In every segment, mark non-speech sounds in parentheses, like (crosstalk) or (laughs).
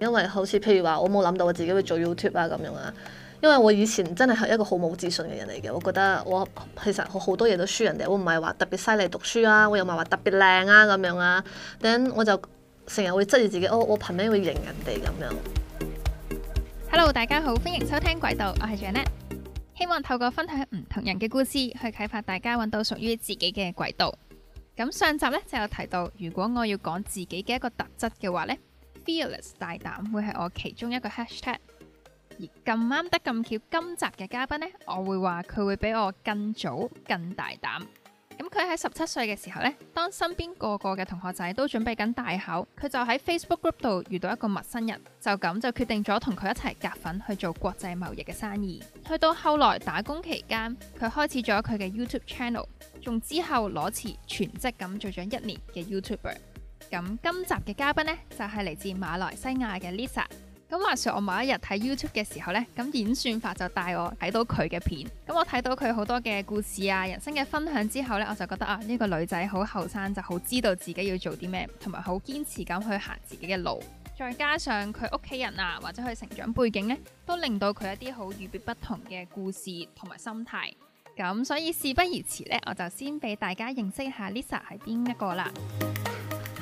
因為好似譬如話我冇諗到我自己會做 YouTube 啊咁樣啊，因為我以前真係係一個好冇自信嘅人嚟嘅，我覺得我其實我好多嘢都輸人哋，我唔係話特別犀利讀書啊，我又唔係話特別靚啊咁樣啊，等我就成日會質疑自己，哦，我我憑咩會贏人哋咁樣？Hello，大家好，歡迎收聽軌道，我係 Janet，希望透過分享唔同人嘅故事，去啟發大家揾到屬於自己嘅軌道。咁上集呢就有提到，如果我要講自己嘅一個特質嘅話呢。Fearless 大膽會係我其中一個 hashtag，而咁啱得咁巧，今集嘅嘉賓呢，我會話佢會比我更早、更大膽。咁佢喺十七歲嘅時候呢，當身邊個個嘅同學仔都準備緊大考，佢就喺 Facebook group 度遇到一個陌生人，就咁就決定咗同佢一齊夾份去做國際貿易嘅生意。去到後來打工期間，佢開始咗佢嘅 YouTube channel，仲之後裸辭全職咁做咗一年嘅 YouTuber。咁今集嘅嘉賓呢，就係嚟自馬來西亞嘅 Lisa。咁話說我某一日睇 YouTube 嘅時候呢，咁演算法就帶我睇到佢嘅片。咁我睇到佢好多嘅故事啊，人生嘅分享之後呢，我就覺得啊，呢個女仔好後生，就好知道自己要做啲咩，同埋好堅持咁去行自己嘅路。再加上佢屋企人啊，或者佢成長背景呢，都令到佢一啲好與別不同嘅故事同埋心態。咁所以事不宜遲呢，我就先俾大家認識一下 Lisa 係邊一個啦。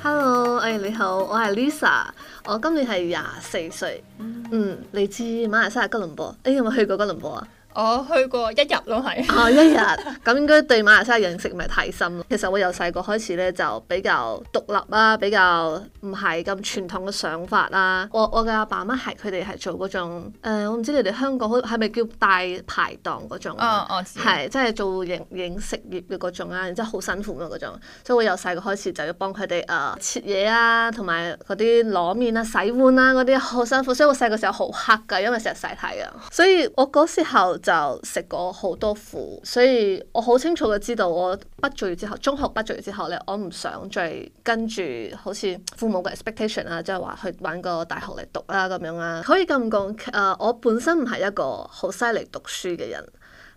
Hello，誒、哎、你好，我係 Lisa，我今年係廿四歲，mm hmm. 嗯，嚟自馬來西亞吉隆坡。你、哎、有冇去過吉隆坡啊？我去過一日咯、哦，係一日咁 (laughs) 應該對馬來西亞認識咪太深。其實我由細個開始呢，就比較獨立啦、啊，比較唔係咁傳統嘅想法啦、啊。我我嘅阿爸媽係佢哋係做嗰種誒、呃，我唔知你哋香港係咪叫大排檔嗰種，係即係做營營食業嘅嗰種啊。然之後好辛苦嘅嗰種，所以我由細個開始就要幫佢哋誒切嘢啊，同埋嗰啲攞麵啊、洗碗啊嗰啲，好辛苦。所以我細個時候好黑㗎，因為成日曬太陽。所以我嗰時候。就食過好多苦，所以我好清楚嘅知道，我畢咗業之後，中學畢咗業之後呢，我唔想再跟住好似父母嘅 expectation 啊，即係話去搵個大學嚟讀啊咁樣啊。可以咁講，誒、呃，我本身唔係一個好犀利讀書嘅人，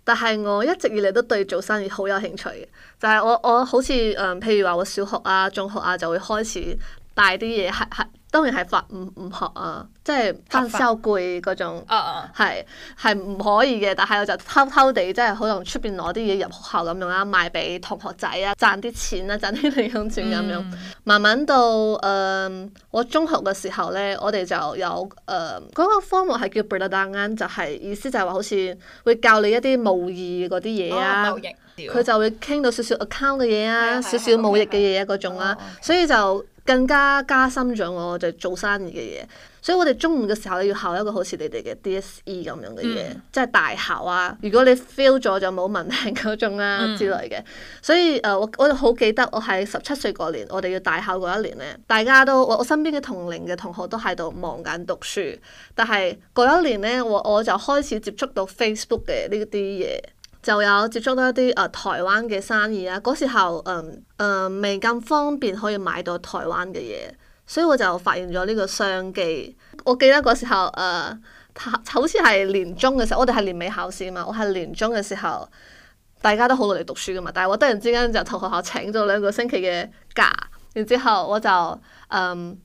但係我一直以嚟都對做生意好有興趣嘅。就係、是、我我好似誒、呃，譬如話我小學啊、中學啊，就會開始帶啲嘢係係。當然係罰唔唔學啊，即係收攰嗰種，係係唔可以嘅。但係我就偷偷地，即係可能出邊攞啲嘢入學校咁樣啦，賣俾同學仔啊，賺啲錢啊，賺啲零用錢咁樣。嗯、慢慢到誒、呃，我中學嘅時候呢，我哋就有誒嗰、呃那個科目係叫 business，就係意思就係話好似會教你一啲貿易嗰啲嘢啊，佢、哦、貿易、就會傾到少少 account 嘅嘢啊，嗯嗯、少少貿易嘅嘢啊嗰、嗯嗯嗯嗯、種啦、啊，哦、okay. 所以就。.更加加深咗我就是、做生意嘅嘢，所以我哋中午嘅時候要考一個好似你哋嘅 DSE 咁樣嘅嘢，嗯、即係大考啊。如果你 fail 咗就冇問題嗰種啊之類嘅，嗯、所以我就好記得我喺十七歲嗰年，我哋要大考嗰一,一年呢。大家都我身邊嘅同齡嘅同學都喺度忙緊讀書，但係嗰一年呢，我我就開始接觸到 Facebook 嘅呢啲嘢。就有接觸到一啲啊、呃、台灣嘅生意啦，嗰時候嗯，未咁方便可以買到台灣嘅嘢，所以我就發現咗呢個商機。我記得嗰時候誒、呃，好似係年中嘅時候，我哋係年尾考試嘛，我係年中嘅時候，大家都好努力讀書噶嘛，但係我突然之間就同學校請咗兩個星期嘅假，然之後我就嗯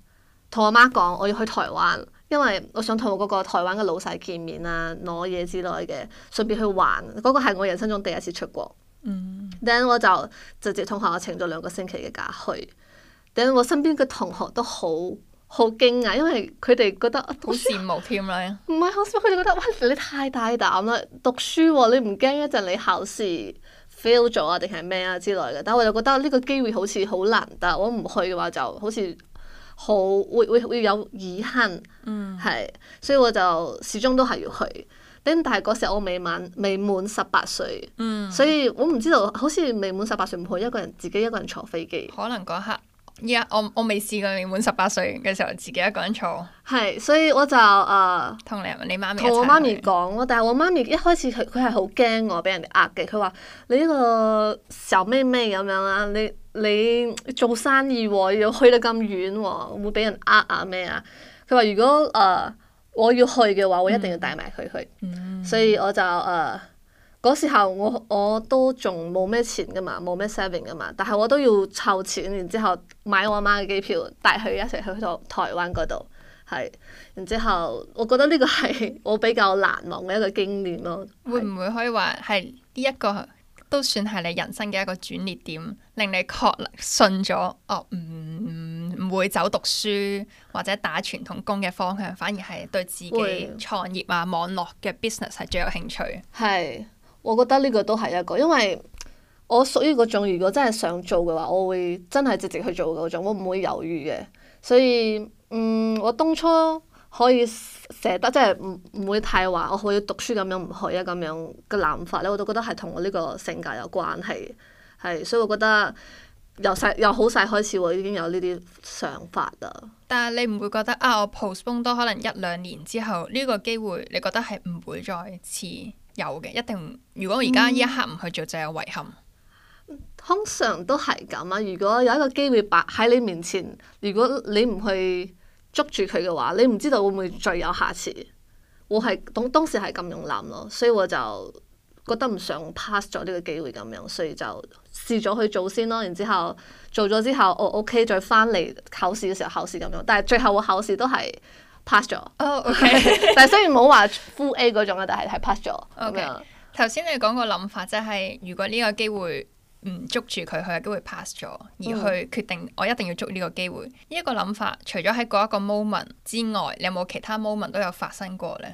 同、呃、我媽講我要去台灣。因為我想同嗰個台灣嘅老細見面啊，攞嘢之類嘅，順便去玩。嗰、那個係我人生中第一次出國。嗯。我就直接同學校請咗兩個星期嘅假去。then 我身邊嘅同學都好好驚訝，因為佢哋覺得好羨慕添啦。唔係好羨慕，佢哋覺得温你太大膽啦，讀書喎，哦、你唔驚一陣你考試 fail 咗啊，定係咩啊之類嘅。但係我就覺得呢個機會好似好難得，我唔去嘅話就好似。好會會會有遺憾，係、嗯，所以我就始終都係要去。但係嗰時候我未滿未滿十八歲，嗯、所以我唔知道好似未滿十八歲唔可以一個人自己一個人坐飛機。可能嗰刻，而、yeah, 家我，我未試過未滿十八歲嘅時候自己一個人坐。係，所以我就誒同、uh, 你你媽，媽我媽咪講咯。但係我媽咪一開始佢佢係好驚我俾人哋呃嘅。佢話你呢個小妹妹咁樣啦，你。你做生意喎、哦，要去到咁遠喎，會俾人呃啊咩啊？佢話、啊、如果誒、uh, 我要去嘅話，我一定要帶埋佢去，嗯、所以我就誒嗰、uh, 時候我我都仲冇咩錢噶嘛，冇咩 saving 噶嘛，但係我都要湊錢，然後之後買我阿媽嘅機票，帶佢一齊去到台灣嗰度，係，然之後我覺得呢個係我比較難忘嘅一個經驗咯。會唔會可以話係呢一個？都算係你人生嘅一個轉捩點，令你確信咗哦，唔、嗯、唔、嗯、唔會走讀書或者打傳統工嘅方向，反而係對自己創業啊，會網絡嘅 business 係最有興趣。係，我覺得呢個都係一個，因為我屬於嗰種如果真係想做嘅話，我會真係直接去做嗰種，我唔會猶豫嘅。所以，嗯，我當初。可以捨得，即係唔唔會太話我好似讀書咁樣唔去啊咁樣嘅諗法咧，我都覺得係同我呢個性格有關係，係，所以我覺得由細由好細開始我已經有呢啲想法啦。但係你唔會覺得啊？我 postpone 多可能一兩年之後呢、呢個機會，你覺得係唔會再次有嘅？一定如果而家呢一刻唔去做，就有遺憾。嗯、通常都係咁啊！如果有一個機會擺喺你面前，如果你唔去，捉住佢嘅話，你唔知道會唔會再有下次。我係當當時係咁樣諗咯，所以我就覺得唔想 pass 咗呢個機會咁樣，所以就試咗去做先咯。然之後做咗之後，我 OK 再翻嚟考試嘅時候考試咁樣。但係最後我考試都係 pass 咗。哦、oh, okay. (laughs) (laughs) 但係雖然冇話 full A 嗰種啊，但係係 pass 咗。OK，頭先你講個諗法就係、是、如果呢個機會，唔捉住佢，佢有機會 pass 咗，而去決定我一定要捉呢個機會。呢一、嗯、個諗法，除咗喺嗰一個 moment 之外，你有冇其他 moment 都有發生過呢？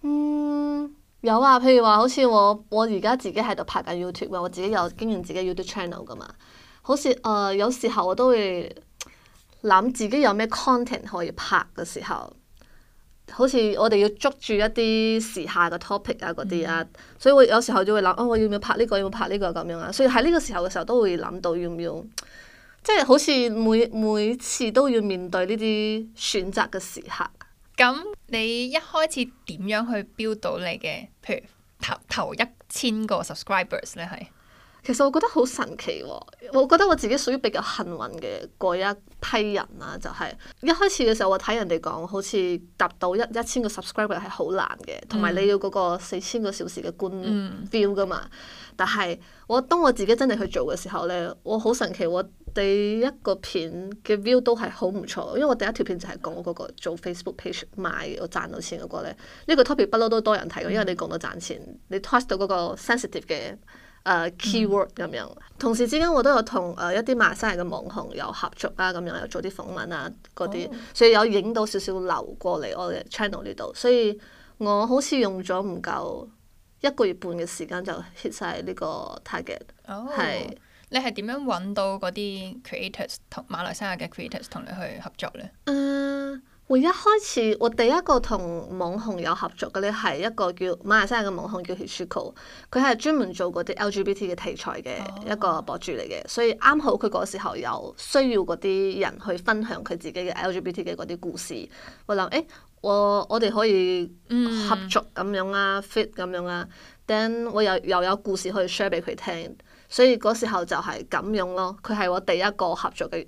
嗯，有啊，譬如話，好似我我而家自己喺度拍緊 YouTube，我自己有經營自己 YouTube channel 噶嘛。好似誒、呃，有時候我都會諗自己有咩 content 可以拍嘅時候。好似我哋要捉住一啲時下嘅 topic 啊嗰啲啊，嗯、所以我有時候就會諗，哦，我要唔要拍呢個，要唔要拍呢個咁樣啊？所以喺呢個時候嘅時候都會諗到，要唔要？即係好似每每次都要面對呢啲選擇嘅時刻。咁、嗯、你一開始點樣去 build 到你嘅，譬如頭頭一千個 subscribers 呢，係？其實我覺得好神奇喎、哦，我覺得我自己屬於比較幸運嘅嗰一批人啦、啊，就係、是、一開始嘅時候我睇人哋講好似達到一一千個 subscriber 係好難嘅，同埋你要嗰個四千個小時嘅觀 view 噶嘛。嗯、但係我當我自己真係去做嘅時候呢，我好神奇、哦，我第一個片嘅 view 都係好唔錯，因為我第一條片就係講嗰個做 Facebook page 賣我賺到錢嗰個呢。呢、這個 topic 不嬲都多人睇嘅，因為你講到賺錢，嗯、你 touch 到嗰個 sensitive 嘅。誒、uh, keyword 咁、嗯、樣，同時之間我都有同誒、uh, 一啲馬來西亞嘅網紅有合作啊，咁樣有做啲訪問啊，嗰啲，哦、所以有影到少少流過嚟我哋 channel 呢度，所以我好似用咗唔夠一個月半嘅時間，就 hit 晒呢個 target。哦，係，你係點樣揾到嗰啲 creators 同馬來西亞嘅 creators 同你去合作咧？嗯。我一開始，我第一個同網紅有合作嘅呢，係一個叫馬來西亞嘅網紅叫 Hishko，佢係專門做嗰啲 LGBT 嘅題材嘅一個博主嚟嘅，oh. 所以啱好佢嗰時候有需要嗰啲人去分享佢自己嘅 LGBT 嘅嗰啲故事，我諗誒、欸，我我哋可以合作咁樣啊、mm.，fit 咁樣啊，then 我又又有故事可以 share 俾佢聽，所以嗰時候就係咁樣咯，佢係我第一個合作嘅。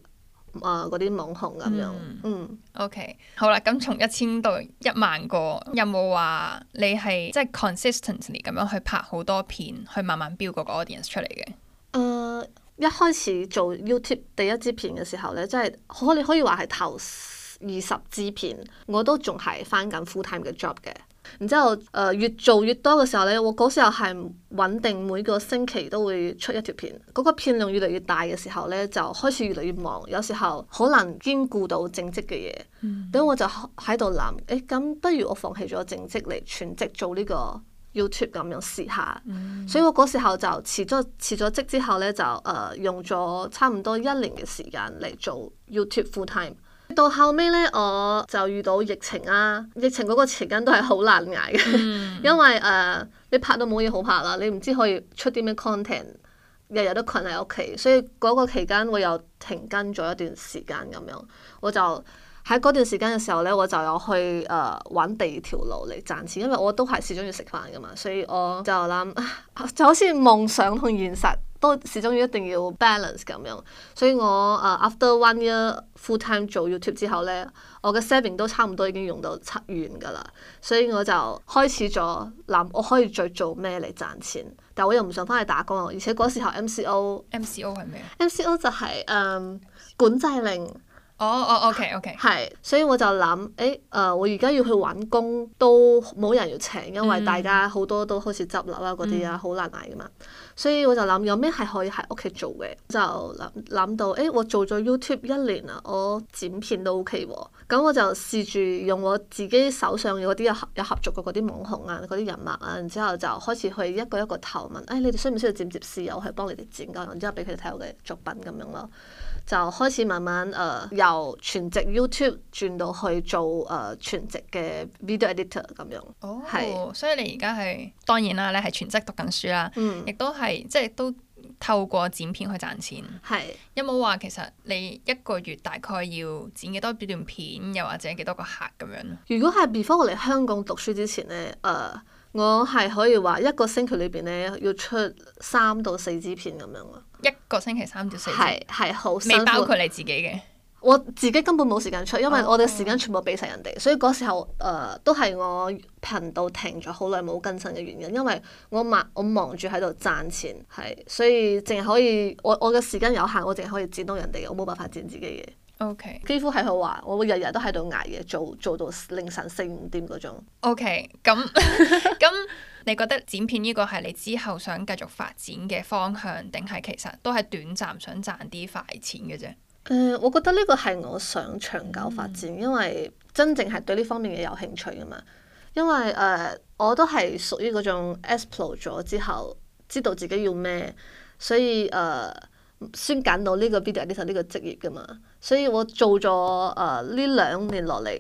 啊，嗰啲網紅咁樣。嗯，嗯，OK，好啦，咁從一千到一萬個，有冇話你係即係 consistently 咁樣去拍好多片，去慢慢標個 audience 出嚟嘅？誒、呃，一開始做 YouTube 第一支片嘅時候咧，即係我你可以話係頭二十支片，我都仲係返緊 full time 嘅 job 嘅。然之後，誒、呃、越做越多嘅時候呢，我嗰時候係穩定每個星期都會出一條片，嗰、嗰個片量越嚟越大嘅時候呢，就開始越嚟越忙，有時候好難兼顧到正職嘅嘢。咁、嗯、我就喺度諗，誒、欸、咁不如我放棄咗正職嚟全職做呢個 YouTube 咁樣試下。嗯、所以我嗰時候就辭咗辭咗職之後呢，就誒、呃、用咗差唔多一年嘅時間嚟做 YouTube full time。到後尾呢，我就遇到疫情啊！疫情嗰個期間都係好難捱嘅，mm. 因為誒、uh, 你拍到冇嘢好拍啦，你唔知可以出啲咩 content，日日都困喺屋企，所以嗰個期間我又停更咗一段時間咁樣，我就。喺嗰段時間嘅時候呢，我就有去搵、呃、玩第二條路嚟賺錢，因為我都係始終要食飯噶嘛，所以我就諗就好似夢想同現實都始終要一定要 balance 咁樣。所以我誒、呃、after one year full time 做 YouTube 之後呢，我嘅 saving 都差唔多已經用到七完噶啦，所以我就開始咗諗，我可以再做咩嚟賺錢，但係我又唔想翻去打工咯。而且嗰時候 MCO，MCO 係咩啊？MCO 就係、是、誒、um, MCO. 管制令。哦哦、oh, oh，OK OK，係，所以我就諗，誒、欸，誒、呃、我而家要去揾工都冇人要請，因為大家好多都開始執笠啦嗰啲啊，好、mm hmm. 難捱噶嘛。所以我就諗有咩係可以喺屋企做嘅，就諗諗到，誒、欸、我做咗 YouTube 一年啊，我剪片都 OK 喎。咁我就試住用我自己手上嗰啲有合作過嗰啲網紅啊、嗰啲人脈啊，然之後就開始去一個一個投問，誒、哎，你哋需唔需要接接視友去幫你哋剪噶？然之後俾佢哋睇我嘅作品咁樣咯，就開始慢慢、呃、由全職 YouTube 轉到去做、呃、全職嘅 video editor 咁樣。哦、oh, 是，所以你而家係，當然啦，你係全職讀緊書啦，亦、嗯、都係即係都。透過剪片去賺錢，係有冇話其實你一個月大概要剪幾多段片，又或者幾多個客咁樣？如果係 before 我嚟香港讀書之前呢，誒、呃，我係可以話一個星期裏邊咧，要出三到四支片咁樣咯。一個星期三至四係係好，未包括你自己嘅。我自己根本冇時間出，因為我嘅時間全部俾晒人哋，oh. 所以嗰時候誒、呃、都係我頻道停咗好耐冇更新嘅原因，因為我忙我忙住喺度賺錢係，所以淨係可以我，我嘅時間有限，我淨係可以剪到人哋嘅，我冇辦法剪自己嘅。OK，幾乎係佢話，我日日都喺度捱夜做，做到凌晨四五點嗰種。OK，咁咁，你覺得剪片呢個係你之後想繼續發展嘅方向，定係其實都係短暫想賺啲快錢嘅啫？誒、嗯，我覺得呢個係我想長久發展，嗯、因為真正係對呢方面嘅有興趣㗎嘛。因為誒、呃，我都係屬於嗰種 explore 咗之後知道自己要咩，所以誒、呃、先揀到呢個 video editor 呢個職業噶嘛。所以我做咗誒呢兩年落嚟，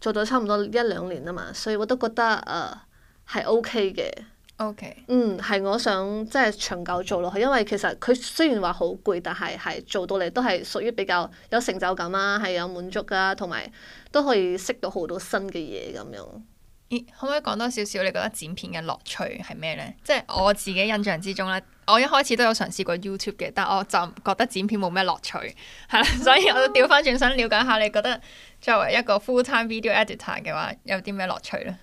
做咗差唔多一兩年啊嘛，所以我都覺得誒係 OK 嘅。呃 O.K. 嗯，係我想即係長久做落去，因為其實佢雖然話好攰，但係係做到你都係屬於比較有成就感啦，係有滿足噶，同埋都可以識到好多新嘅嘢咁樣。咦？可唔可以講多少少？你覺得剪片嘅樂趣係咩呢？即係我自己印象之中咧，我一開始都有嘗試過 YouTube 嘅，但我就覺得剪片冇咩樂趣，係啦，所以我調翻轉身了解下，你覺得作為一個 full time video editor 嘅話，有啲咩樂趣呢？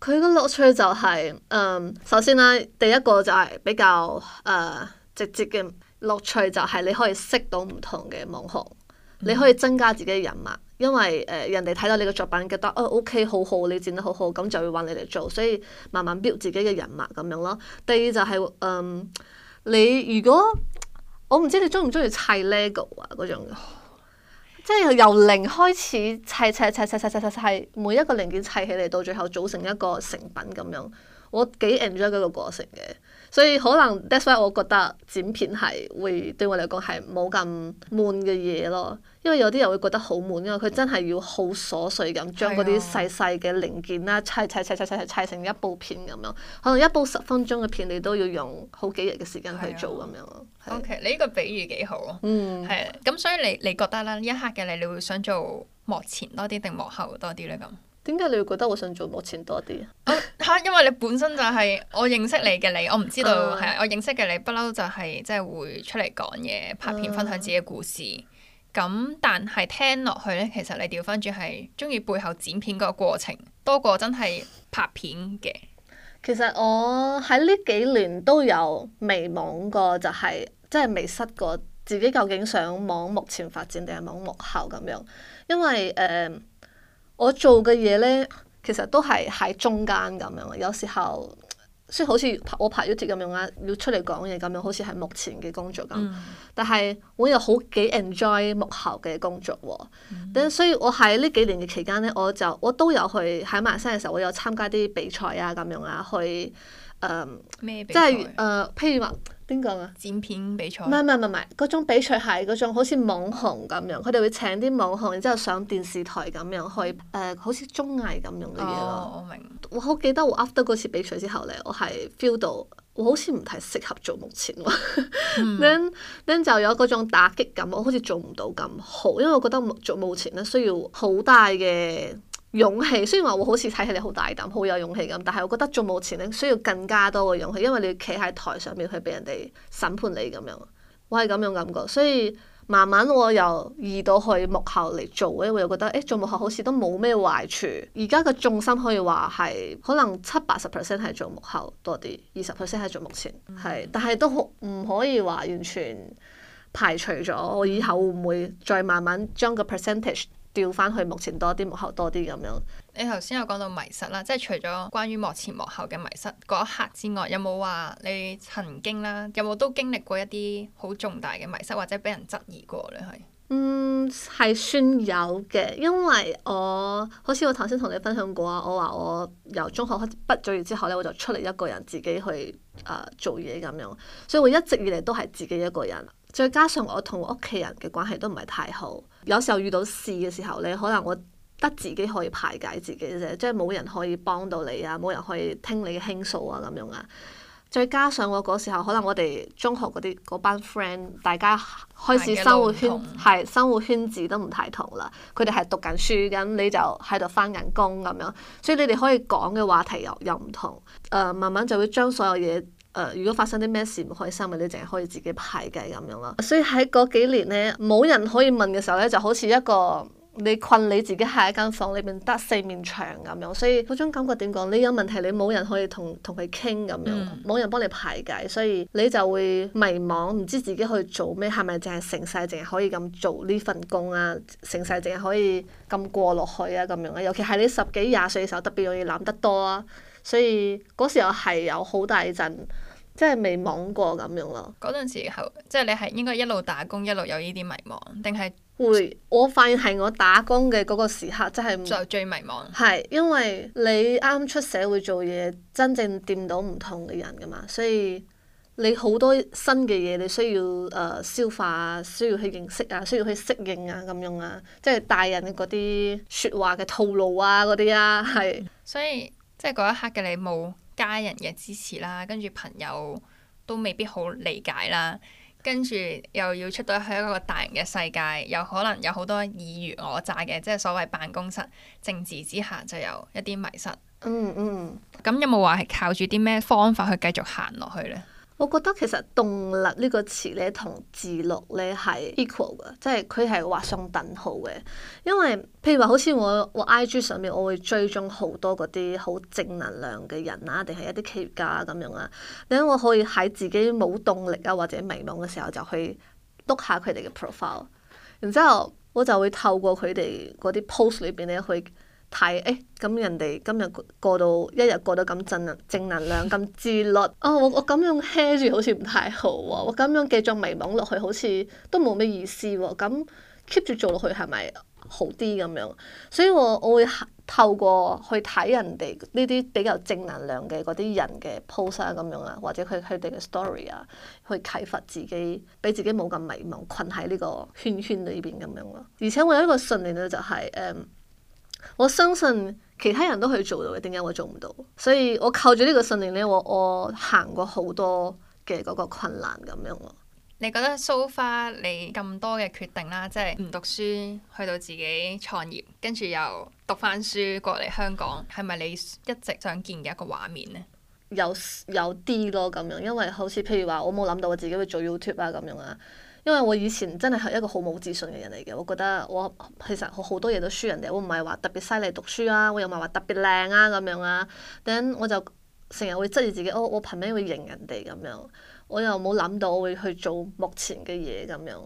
佢嘅樂趣就係、是，嗯，首先呢、啊，第一個就係比較誒、呃、直接嘅樂趣，就係你可以識到唔同嘅網紅，嗯、你可以增加自己嘅人脈，因為誒、呃、人哋睇到你嘅作品覺得哦 OK 好好，你剪得好好，咁就會搵你嚟做，所以慢慢 build 自己嘅人脈咁樣咯。第二就係、是，嗯，你如果我唔知你中唔中意砌 LEGO 啊嗰種。即係由零開始砌砌砌砌砌砌砌，每一個零件砌起嚟，到最後，組成一個成品咁樣，我幾 enjoy 嗰個過程嘅。所以可能 that's why 我覺得剪片係會對我嚟講係冇咁悶嘅嘢咯，因為有啲人會覺得好悶㗎，因為佢真係要好瑣碎咁將嗰啲細細嘅零件啦，砌砌砌砌砌成一部片咁樣，可能一部十分鐘嘅片你都要用好幾日嘅時間去做咁樣、啊。是 o、okay, K，你呢個比喻幾好，係、嗯。咁所以你你覺得呢一刻嘅你，你會想做幕前多啲定幕後多啲呢？咁？點解你會覺得我想做幕前多啲？嚇， (laughs) 因為你本身就係我認識你嘅你，我唔知道係、啊啊、我認識嘅你不嬲就係即係會出嚟講嘢拍片，分享自己嘅故事。咁、啊、但係聽落去咧，其實你調翻轉係中意背後剪片嗰個過程多過真係拍片嘅。其實我喺呢幾年都有迷茫過、就係，就係即係迷失過自己究竟想往幕前發展定係往幕後咁樣，因為誒。呃我做嘅嘢呢，其實都係喺中間咁樣，有時候雖然好似我拍 YouTube 咁樣啊，要出嚟講嘢咁樣，好似係目前嘅工作咁。嗯、但係我又好幾 enjoy 幕後嘅工作喎、啊。嗯、所以我喺呢幾年嘅期間呢，我就我都有去喺馬來西亞嘅時候，我有參加啲比賽啊咁樣啊，去誒，即係譬如話。邊個啊？剪片比賽？唔係唔係唔係，嗰種比賽係嗰種好似網紅咁樣，佢哋會請啲網紅，然之後上電視台咁樣去誒、呃，好似綜藝咁樣嘅嘢咯。我好記得我 after 嗰次比賽之後呢，我係 feel 到我好似唔太適合做幕前喎。嗯、 (laughs) then then 就有嗰種打擊感，我好似做唔到咁好，因為我覺得做幕前呢，需要好大嘅。勇氣，雖然話我好似睇起你好大膽，好有勇氣咁，但係我覺得做幕前呢，需要更加多嘅勇氣，因為你要企喺台上面去俾人哋審判你咁樣，我係咁樣感覺。所以慢慢我又移到去幕後嚟做呢，我又覺得誒、欸、做幕後好似都冇咩壞處。而家嘅重心可以話係可能七八十 percent 係做幕後多啲，二十 percent 係做幕前係，但係都好唔可以話完全排除咗我以後會唔會再慢慢將個 percentage。調翻去幕前多啲，幕後多啲咁樣。你頭先有講到迷失啦，即係除咗關於幕前幕後嘅迷失嗰一刻之外，有冇話你曾經啦，有冇都經歷過一啲好重大嘅迷失或者俾人質疑過咧？係嗯，係算有嘅，因為我好似我頭先同你分享過啊，我話我由中學開始畢咗業之後呢，我就出嚟一個人自己去做嘢咁樣，所以我一直以嚟都係自己一個人。再加上我同屋企人嘅關係都唔係太好。有時候遇到事嘅時候，你可能我得自己可以排解自己啫，即係冇人可以幫到你啊，冇人可以聽你嘅傾訴啊，咁樣啊。再加上我嗰時候，可能我哋中學嗰啲嗰班 friend，大家開始生活圈係生活圈子都唔太同啦。佢哋係讀緊書咁，你就喺度翻緊工咁樣，所以你哋可以講嘅話題又又唔同。誒、呃，慢慢就會將所有嘢誒、呃，如果發生啲咩事唔開心嘅，你淨係可以自己排解咁樣咯。所以喺嗰幾年呢，冇人可以問嘅時候呢，就好似一個你困你自己喺一間房裏邊得四面牆咁樣，所以嗰種感覺點講？你有問題，你冇人可以同同佢傾咁樣，冇、嗯、人幫你排解，所以你就會迷茫，唔知自己去做咩，係咪淨係成世淨係可以咁做呢份工啊？成世淨係可以咁過落去啊？咁樣，尤其係你十幾廿歲嘅時候，特別容易諗得多啊。所以嗰時候係有好大陣，即係未懵過咁樣咯。嗰陣時候，即係你係應該一路打工一，一路有呢啲迷茫。定係會？我發現係我打工嘅嗰個時刻，真係就最迷茫。係因為你啱出社會做嘢，真正掂到唔同嘅人噶嘛，所以你好多新嘅嘢你需要誒、呃、消化，需要去認識啊，需要去適應啊咁樣啊，即係大人嗰啲説話嘅套路啊嗰啲啊，係。所以。即係嗰一刻嘅你冇家人嘅支持啦，跟住朋友都未必好理解啦，跟住又要出到去一個大人嘅世界，有可能有好多爾虞我詐嘅，即係所謂辦公室政治之下就有一啲迷失。嗯嗯。咁有冇話係靠住啲咩方法去繼續行落去呢？我覺得其實動力呢個詞呢，同自律呢係 equal 嘅，即係佢係畫上等號嘅。因為譬如話，好似我我 IG 上面，我會追蹤好多嗰啲好正能量嘅人啊，定係一啲企業家咁樣啊。咁、啊，我可以喺自己冇動力啊或者迷茫嘅時候，就去 look 下佢哋嘅 profile，然之後我就會透過佢哋嗰啲 post 裏邊呢，去。睇誒，咁、欸、人哋今日過到一日過到咁正能正能量咁自律、 (laughs) 哦。哦，我我咁樣 held 住好似唔太好喎，我咁樣繼續迷茫落去好似都冇咩意思喎。咁 keep 住做落去係咪好啲咁樣？所以我我會透過去睇人哋呢啲比較正能量嘅嗰啲人嘅 post 啊咁樣啊，或者佢佢哋嘅 story 啊，去啟發自己，俾自己冇咁迷茫，困喺呢個圈圈裏邊咁樣咯。而且我有一個信念咧，就係誒。我相信其他人都可以做到嘅，點解我做唔到？所以我靠住呢個信念呢，我我行過好多嘅嗰個困難咁樣咯。你覺得 so far 你咁多嘅決定啦，即係唔讀書去到自己創業，跟住又讀返書過嚟香港，係咪你一直想見嘅一個畫面呢？有有啲咯咁樣，因為好似譬如話，我冇諗到我自己會做 YouTube 啊咁樣啊。因為我以前真係一個好冇自信嘅人嚟嘅，我覺得我其實好多嘢都輸人哋，我唔係話特別犀利讀書啊，我又唔係話特別靚啊咁樣啊，等我就成日會質疑自己，哦，我憑咩會贏人哋咁樣？我又冇諗到我會去做目前嘅嘢咁樣，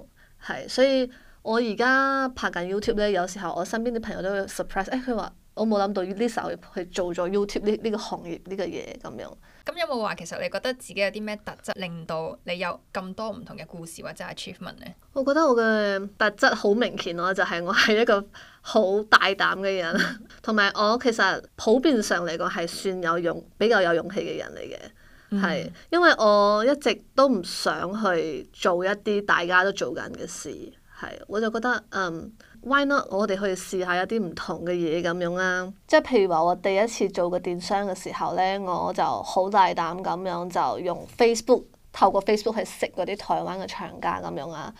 係，所以我而家拍緊 YouTube 呢，有時候我身邊啲朋友都會 surprise，哎，誒佢話。我冇諗到 Lisa 去做咗 YouTube 呢呢個行業呢、呢個嘢咁樣。咁有冇話其實你覺得自己有啲咩特質令到你有咁多唔同嘅故事或者 achievement 呢？我覺得我嘅特質好明顯咯，就係、係、我係一個好大膽嘅人，同 (laughs) 埋我其實普遍上嚟講係算有勇比較有勇氣嘅人嚟嘅，係、嗯、因為我一直都唔想去做一啲大家都做緊嘅事，係我就覺得嗯。Why not？我哋可以試下有啲唔同嘅嘢咁樣啊！即係譬如話，我第一次做個電商嘅時候呢，我就好大膽咁樣就用 Facebook，透過 Facebook 去識嗰啲台灣嘅廠家咁樣啊。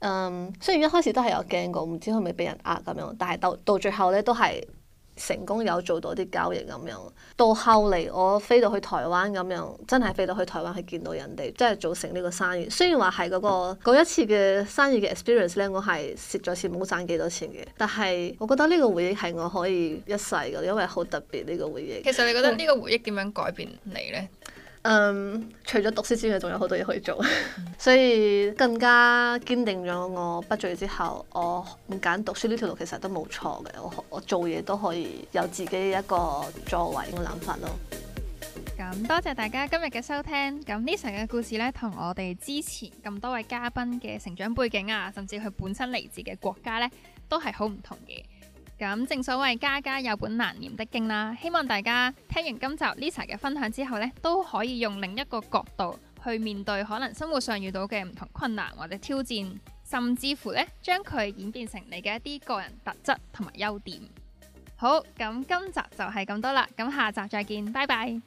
嗯，um，雖然一開始都係有驚過，唔知係咪俾人呃。咁樣，但係到到最後呢，都係。成功有做到啲交易咁樣，到後嚟我飛到去台灣咁樣，真係飛到去台灣去見到人哋，真係做成呢個生意。雖然話係嗰個嗰一次嘅生意嘅 experience 咧，我係蝕咗錢冇賺幾多錢嘅，但係我覺得呢個回憶係我可以一世嘅，因為好特別呢個回憶。其實你覺得呢個回憶點樣改變你咧？嗯，um, 除咗讀書之外，仲有好多嘢可以做， (laughs) 所以更加堅定咗我畢咗業之後，我唔揀讀書呢條路，其實都冇錯嘅。我我做嘢都可以有自己一個作為嘅諗法咯。咁多謝大家今日嘅收聽。咁 Lisa 嘅故事呢，同我哋之前咁多位嘉賓嘅成長背景啊，甚至佢本身嚟自嘅國家呢，都係好唔同嘅。咁正所謂家家有本難念的經啦，希望大家聽完今集 Lisa 嘅分享之後呢，都可以用另一個角度去面對可能生活上遇到嘅唔同困難或者挑戰，甚至乎呢將佢演變成你嘅一啲個人特質同埋優點。好，咁今集就係咁多啦，咁下集再見，拜拜。